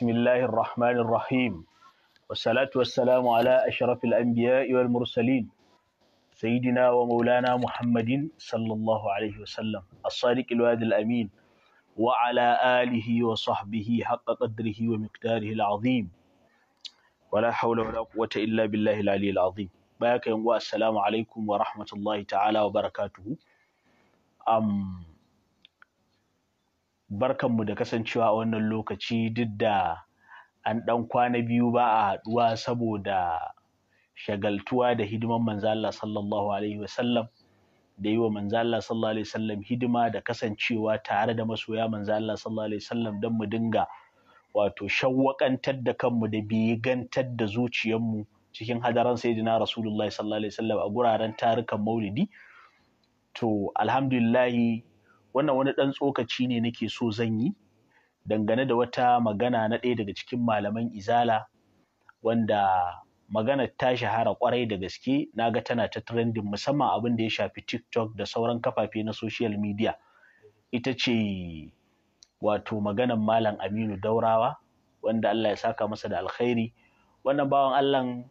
بسم الله الرحمن الرحيم والصلاة والسلام على أشرف الأنبياء والمرسلين سيدنا ومولانا محمد صلى الله عليه وسلم الصادق الوعد الأمين وعلى آله وصحبه حق قدره ومقداره العظيم ولا حول ولا قوة إلا بالله العلي العظيم باك السلام عليكم ورحمة الله تعالى وبركاته أم barkanmu da kasancewa a wannan lokaci duk da an ɗan kwana biyu ba a haɗuwa saboda shagaltuwa da hidiman manzala sallallahu alaihi sallam da yi wa manzala sallallahu alaihi sallam hidima da kasancewa tare da masoya manzala sallallahu alaihi sallam don mu dinga wato shawwakantar da kanmu da bigantar da zuciyarmu cikin hadaran sayyidina rasulullahi sallallahu alaihi sallam a guraren tarukan maulidi to alhamdulillahi wannan wani ɗan tsokaci ne nake so zan yi dangane da wata magana na ɗaya daga cikin malaman izala wanda maganar ta shahara kwarai da gaske na ga tana ta trending musamman abin da ya shafi tiktok da sauran kafafe na social media ita ce wato maganar malam aminu daurawa wanda allah ya saka masa da alkhairi wannan bawan allah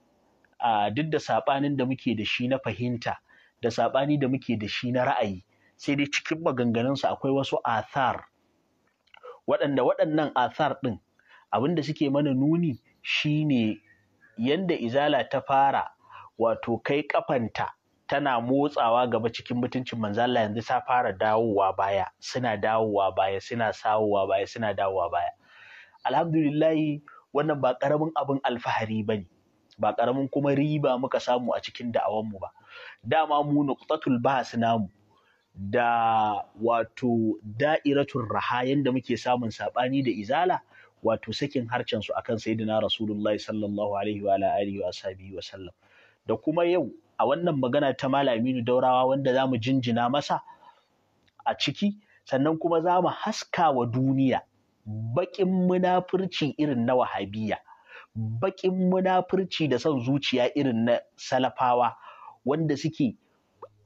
a duk da saɓanin da muke da shi na fahimta da saɓani da muke da shi na ra'ayi sai dai cikin maganganunsa akwai wasu athar waɗanda waɗannan athar ɗin abin da suke mana nuni shine yanda izala ta fara wato kai kafanta tana motsawa gaba cikin mutuncin Manzala yanzu ta fara dawowa baya suna dawowa baya suna sawowa baya suna dawowa baya alhamdulillahi wannan ba ƙaramin abin alfahari bane ba ƙaramin kuma riba muka samu a cikin da'awanmu ba dama mu nuqtatul bahs namu da wato da'iratun raha da muke samun saɓani da izala wato sakin harcen su akan sayyidina rasulullahi sallallahu alaihi wa alihi wa sahbihi wa sallam da kuma yau a wannan magana ta malaminu daurawa wanda zamu jinjina masa a ciki sannan kuma zamu haska wa duniya baƙin munafurci irin na wahabiya baƙin munafurci da son zuciya irin na salafawa wanda suke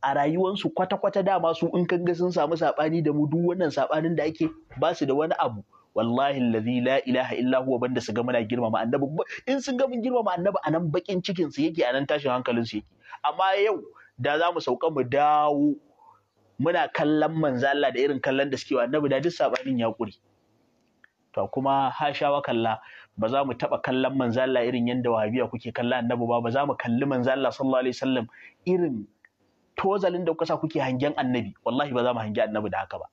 a rayuwansu kwata-kwata dama su in ga sun samu saɓani da mu duk wannan saɓanin da ake ba su da wani abu wallahi lazi la ilaha illa huwa banda su ga muna girmama annabi in sun ga mun girmama annabi anan bakin cikin su yake a nan tashin hankalin su yake amma yau da za mu sauka mu dawo muna kallon manzo Allah da irin kallon da suke wa annabi da duk saɓanin ya ƙure? to kuma hashawa kalla ba za mu taɓa kallon Allah irin yadda wahabiya kuke kalla annabi ba ba za mu kalli Allah sallallahu alaihi wasallam irin tozalin da kuka sa kuke hangen annabi wallahi ba za mu hangi annabi da haka ba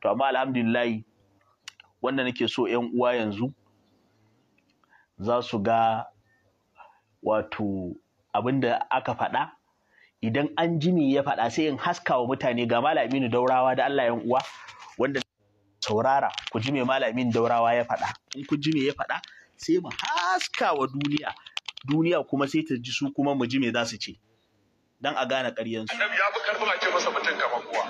to amma alhamdulillah wanda nake so yan uwa yanzu za su ga wato abin da aka faɗa idan an ji me ya faɗa sai in haska wa mutane ga malamin daurawa da Allah yan uwa wanda saurara ku ji me malamin daurawa ya faɗa in ku ji me ya faɗa sai mu haska wa duniya duniya kuma sai ta ji su kuma mu ji me za su ce dan a gane su. annabi ya fi karfin a ce masa mutum kamar kowa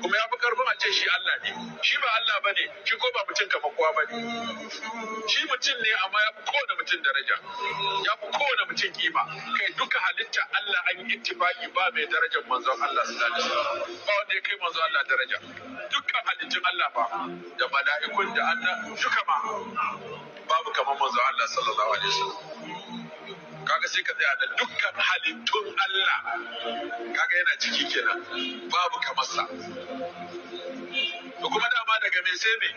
kuma ya fi karfin a ce shi Allah ne shi ba Allah ba ne shi ko ba mutum kamar kowa ba ne shi mutum ne amma ya fi kowane mutum daraja ya fi kowane mutum kima kai duka halitta Allah an yi ittifaki ba mai darajar manzon Allah sallallahu alaihi wasallam ba wanda ya kai manzon Allah daraja Duka halittun Allah ba da mala'ikun da annan duka ma babu kamar manzon Allah sallallahu alaihi wasallam kaga sai ka tsaya da dukkan halittun Allah kaga yana ciki kenan babu kamar sa to kuma dama daga me sai me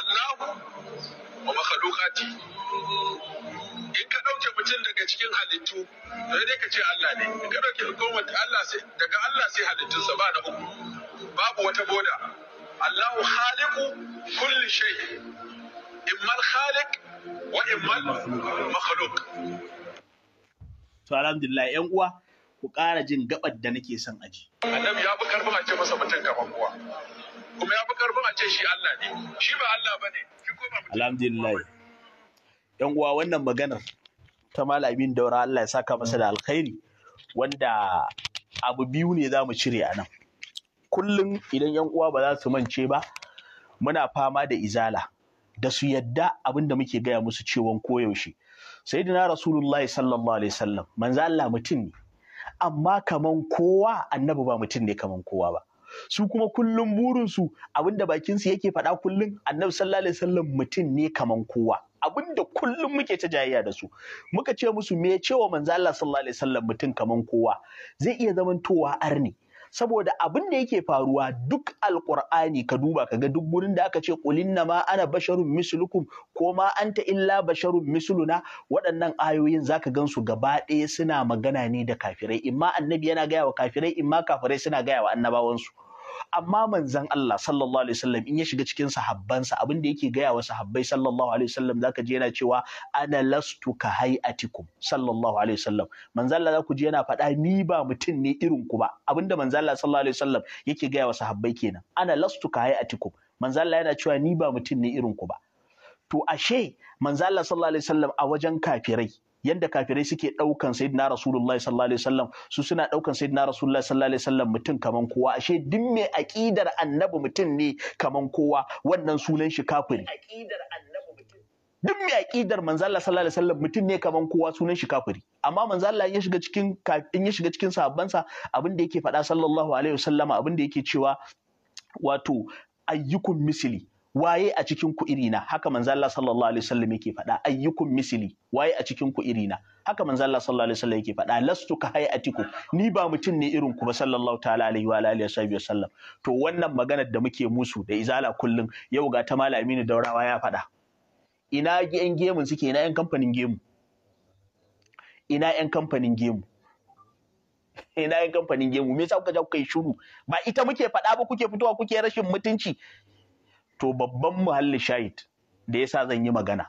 Allahu wa makhluqati in ka dauke mutum daga cikin halittu to dai ka ce Allah ne in ka dauke hukumar Allah sai daga Allah sai halittunsa ba na uku babu wata boda Allahu khaliqu kulli shay'in imma al-khaliq wa imma al-makhluq to alhamdulillah yan uwa ku ƙara jin gabar da nake son aji annabi ya fi karfin a ce masa mutum gaban uwa kuma ya fi karfin a ce shi Allah ne shi ba Allah bane shi alhamdulillah yan uwa wannan maganar ta malamin daura Allah ya saka masa da alkhairi wanda abu biyu ne za mu cire a nan kullum idan yan uwa ba za su mance ba muna fama da izala da su yadda abin da muke gaya musu cewa koyaushe sayyidina rasulullahi sallallahu alaihi wasallam manzo Allah mutum ne amma kaman kowa annabi ba mutum ne kaman kowa ba su kuma kullum burinsu abinda bakin su yake faɗa kullum annabi sallallahu alaihi wasallam mutum ne kaman kowa abinda kullum muke ta jayayya da su muka ce musu me cewa manzo Allah sallallahu alaihi wasallam mutum kaman kowa zai iya zamantowa arni saboda abin da yake faruwa duk alkur'ani ka duba ka ga duk gurin da aka ce kulinna ma ana basharun mislukum ko ma anta illa basharun misluna waɗannan ayoyin zaka gansu gaba ɗaya suna magana ne da kafirai imma annabi yana gaya wa kafirai imma kafirai suna gaya wa annabawansu amma manzan Allah sallallahu alaihi wasallam in ya shiga cikin sahabbansa abin da yake gaya wa sahabbai sallallahu alaihi wasallam zaka je yana cewa ana lastu ka hayatikum sallallahu alaihi wasallam manzan Allah zaku je yana faɗa ni ba mutum ne irin ku ba abinda manzan Allah sallallahu alaihi wasallam yake gaya wa sahabbai kenan ana lastu ka hayatikum manzan Allah yana cewa ni ba mutum ne irin ku ba to ashe manzan Allah sallallahu alaihi wasallam a wajen kafirai yanda kafirai suke daukan sayyidina rasulullahi sallallahu alaihi wasallam su suna daukan sayyidina rasulullahi sallallahu alaihi wasallam mutum kaman kowa ashe duk mai aqidar annabi mutum ne kaman kowa wannan sunan shi kafiri aqidar annabi mutum duk mai aqidar manzo Allah sallallahu alaihi wasallam mutum ne kaman kowa sunan shi kafiri amma manzo Allah ya shiga cikin in ya shiga cikin sahabbansa abin da yake faɗa sallallahu alaihi wasallama abin da yake cewa wato ayyukum misli waye a cikin ku irina haka manzo Allah sallallahu alaihi wasallam yake faɗa ayyukum misli waye a cikin ku irina haka manzo Allah sallallahu alaihi wasallam yake faɗa lastu ka hayatiku ni ba mutum ne irin ku ba sallallahu ta'ala alaihi wa alihi wasallam to wannan maganar da muke musu da izala kullun yau ga ta malami Aminu daurawa ya faɗa ina yan gemun suke ina yan kamfanin gemu ina yan kamfanin gemu ina yan kamfanin gemu me yasa kuka ja kuka yi shiru ba ita muke faɗa ba kuke fitowa kuke rashin mutunci to babban muhalli shahid da yasa zan yi magana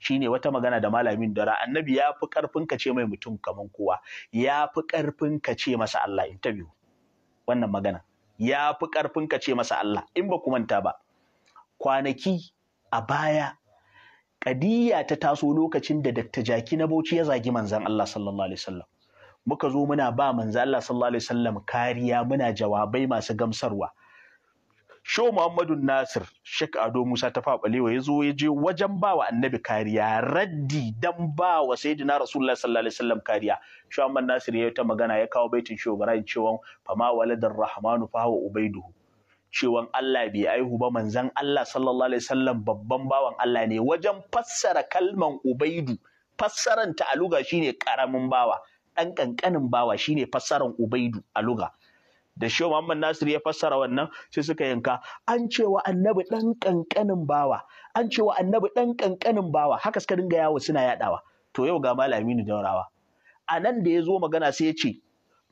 shine wata magana da malamin dara annabi ya fi karfin ka ce mai mutum kaman kowa ya fi karfin ka ce masa Allah interview wannan magana ya fi karfin ka ce masa Allah in ba ku manta ba kwanaki a baya kadiyya ta taso lokacin da Dr. Jaki na Bauchi ya zagi manzan Allah sallallahu alaihi wasallam muka zo muna ba manzan Allah sallallahu alaihi wasallam kariya muna jawabai masu gamsarwa sho Muhammadu Nasir Sheikh Ado Musa ta faɓalewa ya zo ya je wajen bawa annabi kariya raddi dan ba wa sayyidina Rasulullah sallallahu alaihi wasallam kariya sho Muhammadu Nasir ya yi ta magana ya kawo baitin sho Ibrahim cewa ma waladar rahmanu fa wa ubaiduhu cewan Allah bai aihu ba manzan Allah sallallahu alaihi wasallam babban bawan Allah ne wajen fassara kalman ubaidu fassarar ta luga shine karamin bawa Ɗan ƙanƙanin bawa shine fassaran ubaidu a luga da shi Muhammad Nasiru ya fassara wannan sai suka yanka an cewa annabi dan kankanin bawa an cewa annabi dan kankanin bawa haka suka dinga yawo suna yadawa to yau ga malami aminu daurawa a nan da ya zo magana sai ya ce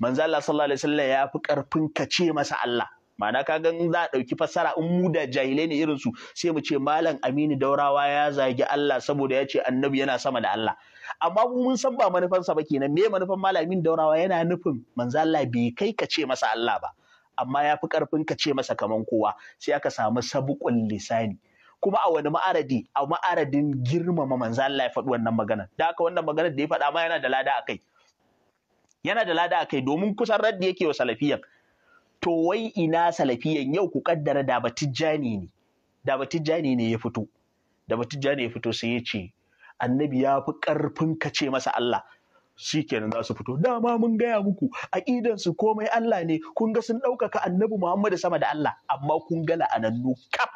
manzo Allah sallallahu alaihi wasallam ya fi karfin kace masa Allah ma'ana ka ga za a ɗauki fassara in mu da jahilai ne irin su sai mu ce malam Aminu Daurawa ya zagi Allah saboda ya ce annabi yana sama da Allah amma mu mun san ba manufansa ba kenan me manufan malam Aminu Daurawa yana nufin manzo Allah bai kai ka ce masa Allah ba amma ya fi ƙarfin ka ce masa kaman kowa sai aka samu sabuƙun lisani kuma a wani ma'aradi a ma'aradin girmama manzo Allah ya faɗi wannan magana da haka wannan maganar da ya faɗa ma yana da lada a kai. yana da lada a kai domin kusan raddi yake wa salafiyan to wai ina salafiyan yau ku kaddara da tijjani ne da tijjani ne ya fito da tijjani ya fito sai ya ce annabi ya fi ƙarfin ka ce masa Allah shi kenan za su fito dama mun gaya muku su komai Allah ne kun ga sun ɗaukaka annabi Muhammadu sama da Allah amma kun ga la'anannu kaf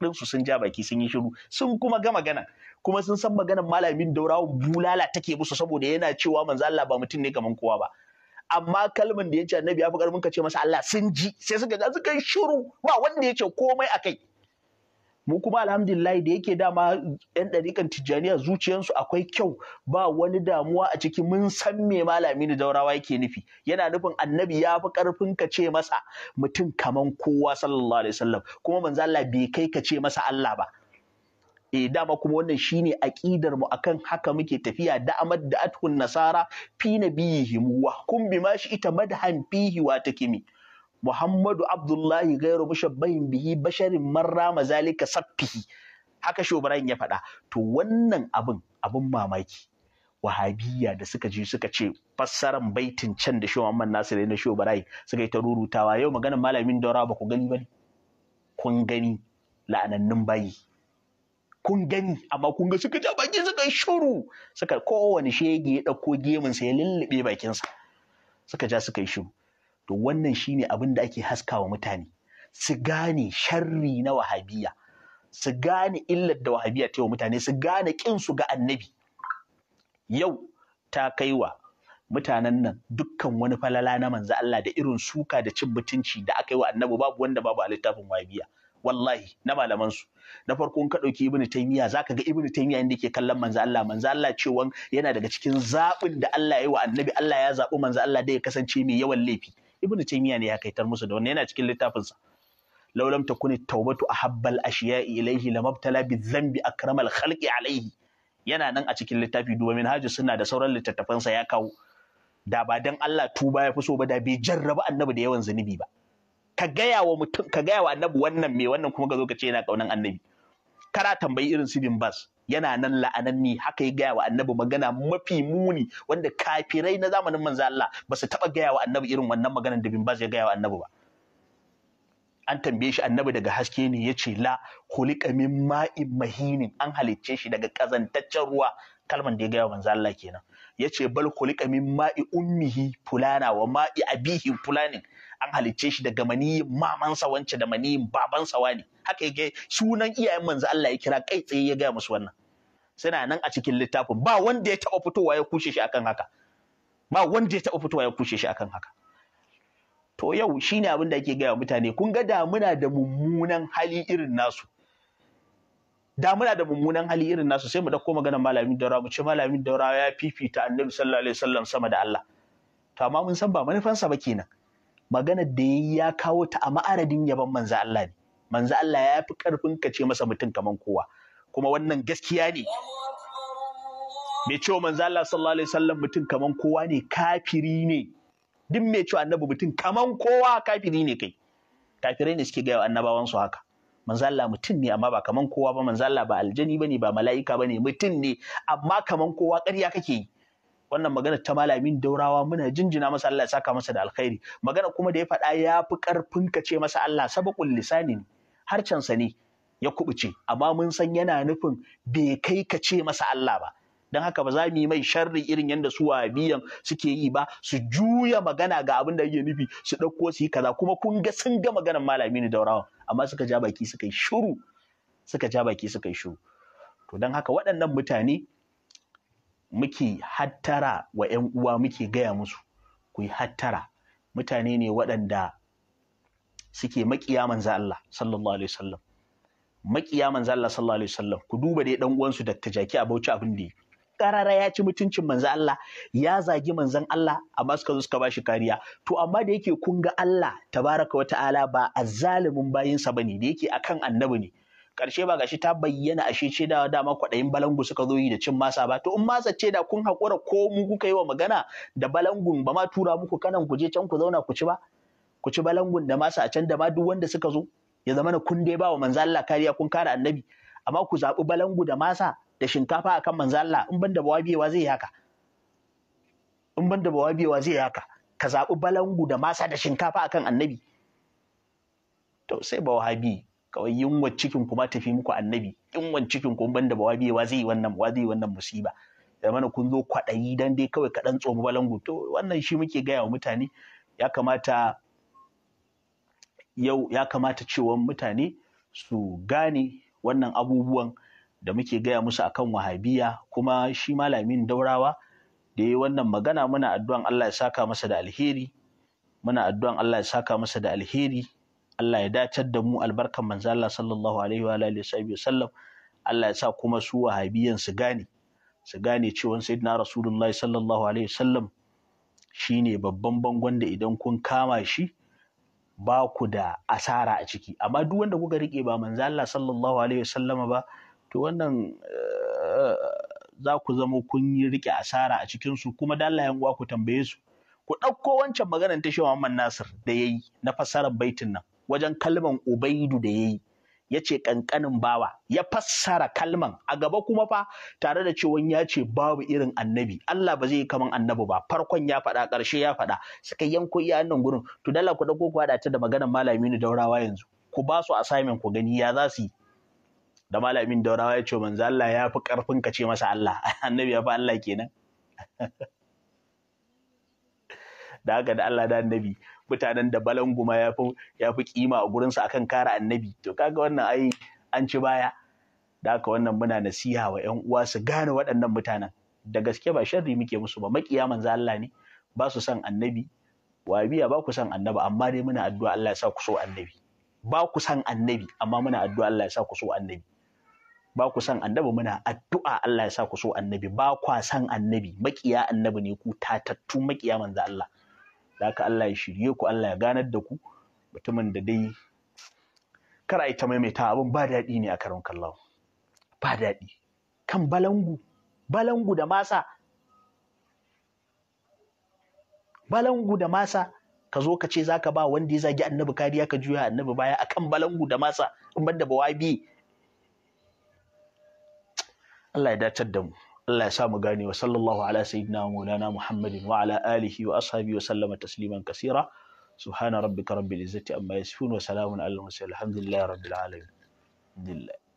ɗinsu sun ja baki sun yi shiru sun kuma ga magana kuma sun san maganar malamin daurawan bulala take musu saboda yana cewa manzo Allah ba mutum ne gaman kowa ba amma kalman da ya ce annabi ya fi karfin ka ce masa Allah sun ji sai suka ga suka yi shiru ba wanda ya ce komai akai mu kuma alhamdulillah da yake dama yan ɗarikan tijjaniya zuciyarsu akwai kyau ba wani damuwa a ciki mun san me malami da daurawa yake nufi yana nufin annabi ya fi karfin ka ce masa mutum kaman kowa sallallahu alaihi wasallam kuma manzo Allah bai kai ka ce masa Allah ba eh dama kuma wannan shine aqidar mu akan haka muke tafiya da amad da atun nasara fi nabiyihim wa bi ma shi ita madhan fihi wa takimi muhammadu abdullahi ghairu mushabbahin bihi basharin marra mazalika sappihi haka shobran ya faɗa to wannan abin abin mamaki wahabiyya da suka je suka ce fassaran baitin can da shi Muhammad Nasir da shi suka yi ta rurutawa yau maganar malamin Daura ba ku gani ba kun gani la'anannun bayi kun gani amma kun ga suka ja bakin suka shuru suka kowane shege ya ɗauko sa ya lullube bakinsa suka ja suka yi shuru to wannan shine abin da ake haskawa mutane su gane sharri na wahabiya su gane illar da wahabiya ta yi wa mutane su gane kin su ga annabi yau ta kaiwa mutanen nan dukkan wani falala na manzo Allah da irin suka da cin mutunci da aka yi wa annabi babu wanda babu a littafin wahabiya wallahi na malaman su na farko ka dauki ibnu taymiya zaka ga ibnu taymiya inda yake kallon manzo Allah manzo Allah cewa yana daga cikin zabin da Allah ya wa annabi Allah ya zabi manzo Allah da ya kasance mai yawan laifi ibnu taymiya ne ya kaitar musu da wannan yana cikin littafin sa law lam takuni tawbatu ahabbal ashiya'i ilayhi lamabtala bizambi akramal khalqi alayhi yana nan a cikin littafi duba haji suna da sauran littattafansa ya kawo da ba dan Allah tuba ya fi so ba da bai jarraba annabi da yawan zunubi ba ka gaya wa mutum ka gaya wa annabi wannan me wannan kuma ka zo ka ce yana kaunan annabi kara tambayi irin su bas yana nan la'ananni haka ya gaya wa annabi magana mafi muni wanda kafirai na zamanin manzo Allah ba su taba gaya wa annabi irin wannan maganar da bin bas ya gaya wa annabi ba an tambaye shi annabi daga haske ne ya ce la khuliqa min ma'in mahinin an halicce shi daga kazantaccen ruwa kalman da ya gaya wa manzo Allah kenan ya ce bal khuliqa min ma'i ummihi fulana wa ma'i abihi fulanin an halicce shi daga mani, mamansa wance da mani, babansa wani haka yake sunan iyayen manzo Allah ya kira kai tsaye ya gaya musu wannan suna nan a cikin littafin ba wanda ya taɓa fitowa ya kushe shi akan haka ba wanda ya taɓa fitowa ya kushe shi akan haka to yau shine abin da ake gaya mutane kun ga da muna da mummunan hali irin nasu da muna da mummunan hali irin nasu sai mu dauko maganar malamin daura mu ce malamin daura ya fifita annabi sallallahu alaihi wasallam sama da Allah to amma mun san ba manufansa ba kenan maganar da yayi ya kawo ta a ma'aradin yaban manzo Allah ne manzo Allah ya fi karfin ka ce masa mutum kaman kowa kuma wannan gaskiya ne Me cewa manzo Allah sallallahu alaihi wasallam mutum kaman kowa ne kafiri ne duk me ce annabi mutum kaman kowa kafiri ne kai kafirai ne suke gaya annabawan su haka manzo Allah mutum ne amma ba kaman kowa ba manzo Allah ba aljani bane ba mala'ika bane mutum ne amma kaman kowa ƙarya kake yi wannan magana ta malamin daurawa muna jinjina masa Allah ya saka masa da alkhairi magana kuma da ya faɗa ya fi ƙarfin ka ce masa Allah sabaqul lisani harcensa ne ya kubuce amma mun san yana nufin bai kai ka ce masa Allah ba don haka ba za mu yi mai sharri irin yadda su wahabiyan suke yi ba su juya magana ga abin da yake nufi su ɗauko su yi kaza kuma kun ga sun ga maganar malami daurawa amma suka ja baki suka yi shiru suka ja baki suka yi shiru to don haka waɗannan mutane muke hattara wa 'yan uwa muke gaya musu ku yi hattara mutane ne waɗanda suke maƙiya manzo Allah sallallahu alaihi wasallam maƙiya manzo Allah sallallahu alaihi wasallam ku duba dai ɗan uwansu da ta Jaki a Bauchi abin da yi karara ya ci mutuncin manza Allah ya zagi manzan Allah amma suka zo suka ba shi kariya to amma da yake kun ga Allah tabaraka wa ta'ala ba azzalimin bayinsa ne da yake akan annabi ne karshe ba gashi ta bayyana ashe ce da dama kwaɗayin balangu suka zo yi da cin masa ba to in masa ce da kun haƙura ko mu kuka yi wa magana da balangun ba ma tura muku kanan ku je can ku zauna ku ci ba ku ci balangun da masa a can da ma duk wanda suka zo ya zama na kun dai ba wa manzo Allah kariya kun kare annabi amma ku zaɓi balangu da masa da shinkafa akan manzo Allah in ban da bawabiyewa zai yi haka in ban da bawabiyewa zai yi haka ka zaɓi balangu da masa da shinkafa akan annabi to sai bawahabi kawai yunwa cikin kuma tafi muku annabi yunwan cikin kuma banda ba wabi wa zai wannan wa zai wannan musiba da mana kun zo kwaɗayi dan dai kawai kaɗan tsomi balangu to wannan shi muke gaya wa mutane ya kamata yau ya kamata cewa mutane su gane wannan abubuwan da muke gaya musu akan wahabiya kuma shi malamin daurawa da ya wannan magana muna addu'an Allah ya saka masa da alheri muna addu'an Allah ya saka masa da alheri Allah ya dacar da mu albarkan manzo Allah sallallahu alaihi wa alihi wasallam Allah ya sa kuma su wahabiyan su gane su gane cewa sayyidina rasulullahi sallallahu alaihi wasallam shine babban bangon da idan kun kama shi ba ku da asara a ciki amma duk wanda kuka rike ba manzo Allah sallallahu alaihi wasallama ba to wannan eh, za ku zama kun yi rike asara a cikin su kuma dallayen uwa ku tambaye su ku ɗauko wancan maganar ta Muhammad Nasir da yayi na fassarar baitin nan wajen kalman ubaidu da yayi ya ce ƙanƙanin bawa ya fassara kalman a gaba kuma fa tare da cewa ya ce babu irin annabi Allah ba zai kaman annabi ba farkon ya faɗa ƙarshe ya faɗa suka yanko iya annan gurin to dala ku dauko ku hada ta da maganar malamin daurawa yanzu ku ba su assignment ku gani ya za su yi da malamin daurawa ya ce manzo Allah ya fi ƙarfin ka ce masa Allah annabi ya fi Allah kenan da haka da Allah da annabi mutanen da balanguma ya fi ya fi kima a su akan kara annabi to kaga wannan ai an ci baya da haka wannan muna nasiha wa ƴan uwa su gane waɗannan mutanen da gaske ba sharri muke musu ba makiya manzo Allah ne ba su son annabi biya ba ku son annabi amma dai muna addu'a Allah ya sa ku so annabi ba ku son annabi amma muna addu'a Allah ya sa ku so annabi ba ku san annabi muna addu'a Allah ya sa ku so annabi ba kwa son annabi makiya annabi ne ku tatattu makiya manzo Allah da haka Allah ya shirye ku Allah ya ganar da ku mutumin da dai kar a ta maimaita abin ba daɗi ne a karon kallon ba daɗi kan balangu balangu da masa balangu da masa ka zo ka ce za ka ba wanda ya zagi annabi kariya ka juya annabi baya a kan balangu da masa in banda bawabi Allah ya dacar da mu Allah ya samu gane wa sallallahu ala sayyidina wa maulana Muhammadin wa ala alihi wa ashabihi wa sallama tasliman kasira subhana rabbika rabbil izzati amma yasifun wa salamun alal mursalin alhamdulillahi rabbil alamin alhamdulillah